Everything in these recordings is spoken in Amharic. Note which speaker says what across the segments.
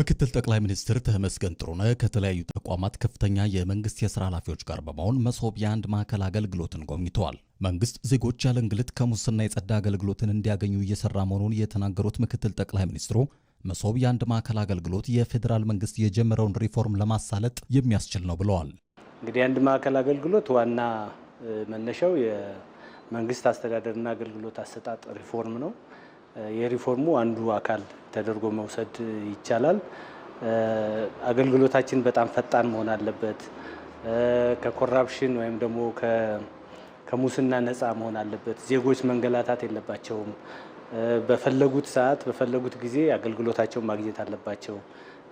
Speaker 1: ምክትል ጠቅላይ ሚኒስትር ተመስገን ጥሩነህ ከተለያዩ ተቋማት ከፍተኛ የመንግስት የስራ ኃላፊዎች ጋር በመሆን መሶብ የአንድ ማዕከል አገልግሎትን ጎብኝተዋል። መንግስት ዜጎች ያለ እንግልት ከሙስና የጸዳ አገልግሎትን እንዲያገኙ እየሰራ መሆኑን የተናገሩት ምክትል ጠቅላይ ሚኒስትሩ መሶብ የአንድ ማዕከል አገልግሎት የፌዴራል መንግስት የጀመረውን ሪፎርም ለማሳለጥ የሚያስችል ነው ብለዋል።
Speaker 2: እንግዲህ የአንድ ማዕከል አገልግሎት ዋና መነሻው የመንግስት አስተዳደርና አገልግሎት አሰጣጥ ሪፎርም ነው። የሪፎርሙ አንዱ አካል ተደርጎ መውሰድ ይቻላል። አገልግሎታችን በጣም ፈጣን መሆን አለበት። ከኮራፕሽን ወይም ደግሞ ከሙስና ነፃ መሆን አለበት። ዜጎች መንገላታት የለባቸውም። በፈለጉት ሰዓት በፈለጉት ጊዜ አገልግሎታቸውን ማግኘት አለባቸው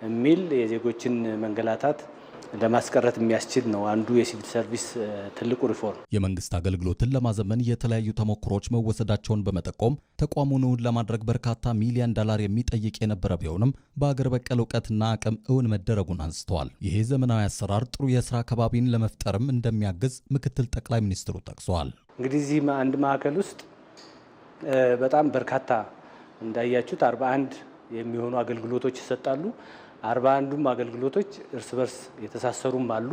Speaker 2: የሚል የዜጎችን መንገላታት ለማስቀረት የሚያስችል ነው። አንዱ የሲቪል ሰርቪስ ትልቁ ሪፎርም
Speaker 1: የመንግስት አገልግሎትን ለማዘመን የተለያዩ ተሞክሮች መወሰዳቸውን በመጠቆም ተቋሙን እውን ለማድረግ በርካታ ሚሊዮን ዶላር የሚጠይቅ የነበረ ቢሆንም በአገር በቀል እውቀትና አቅም እውን መደረጉን አንስተዋል። ይሄ ዘመናዊ አሰራር ጥሩ የስራ ከባቢን ለመፍጠርም እንደሚያግዝ ምክትል ጠቅላይ ሚኒስትሩ ጠቅሰዋል።
Speaker 2: እንግዲህ እዚህ አንድ ማዕከል ውስጥ በጣም በርካታ እንዳያችሁት 41 የሚሆኑ አገልግሎቶች ይሰጣሉ። አርባ አንዱም አገልግሎቶች እርስ በርስ የተሳሰሩም አሉ።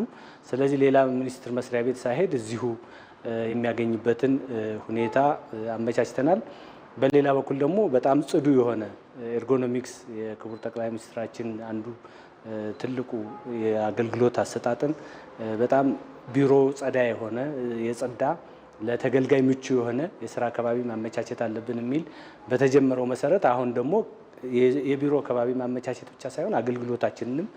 Speaker 2: ስለዚህ ሌላ ሚኒስቴር መስሪያ ቤት ሳይሄድ እዚሁ የሚያገኝበትን ሁኔታ አመቻችተናል። በሌላ በኩል ደግሞ በጣም ጽዱ የሆነ ኤርጎኖሚክስ የክቡር ጠቅላይ ሚኒስትራችን አንዱ ትልቁ የአገልግሎት አሰጣጥን በጣም ቢሮ ጸዳ የሆነ የጸዳ ለተገልጋይ ምቹ የሆነ የስራ አካባቢ ማመቻቸት አለብን የሚል በተጀመረው መሰረት አሁን ደግሞ የቢሮ አካባቢ ማመቻቸት ብቻ ሳይሆን አገልግሎታችንንም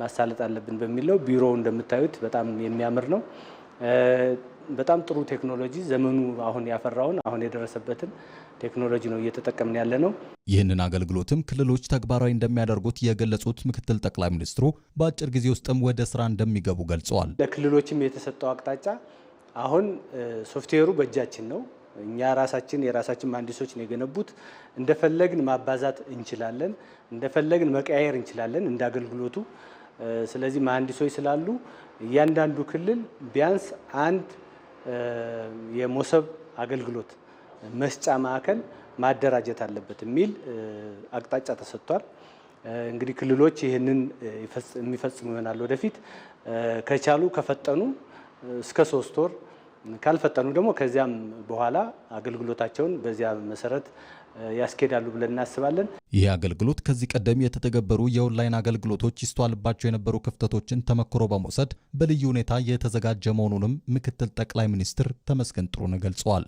Speaker 2: ማሳለጥ አለብን በሚለው ቢሮ ቢሮው እንደምታዩት በጣም የሚያምር ነው። በጣም ጥሩ ቴክኖሎጂ ዘመኑ አሁን ያፈራውን አሁን የደረሰበትን ቴክኖሎጂ ነው እየተጠቀምን ያለ ነው።
Speaker 1: ይህንን አገልግሎትም ክልሎች ተግባራዊ እንደሚያደርጉት የገለጹት ምክትል ጠቅላይ ሚኒስትሩ በአጭር ጊዜ ውስጥም ወደ ስራ እንደሚገቡ ገልጸዋል።
Speaker 2: ለክልሎችም የተሰጠው አቅጣጫ አሁን ሶፍትዌሩ በእጃችን ነው። እኛ ራሳችን የራሳችን መሀንዲሶች ነው የገነቡት። እንደፈለግን ማባዛት እንችላለን፣ እንደፈለግን መቀያየር እንችላለን እንደ አገልግሎቱ። ስለዚህ መሀንዲሶች ስላሉ እያንዳንዱ ክልል ቢያንስ አንድ የሞሰብ አገልግሎት መስጫ ማዕከል ማደራጀት አለበት የሚል አቅጣጫ ተሰጥቷል። እንግዲህ ክልሎች ይህንን የሚፈጽሙ ይሆናል። ወደፊት ከቻሉ ከፈጠኑ እስከ ሶስት ወር ካልፈጠኑ ደግሞ ከዚያም በኋላ አገልግሎታቸውን በዚያ መሰረት ያስኬዳሉ ብለን እናስባለን።
Speaker 1: ይህ አገልግሎት ከዚህ ቀደም የተተገበሩ የኦንላይን አገልግሎቶች ይስተዋልባቸው የነበሩ ክፍተቶችን ተመክሮ በመውሰድ በልዩ ሁኔታ የተዘጋጀ መሆኑንም ምክትል ጠቅላይ ሚኒስትር ተመስገን ጥሩነህ ገልጸዋል።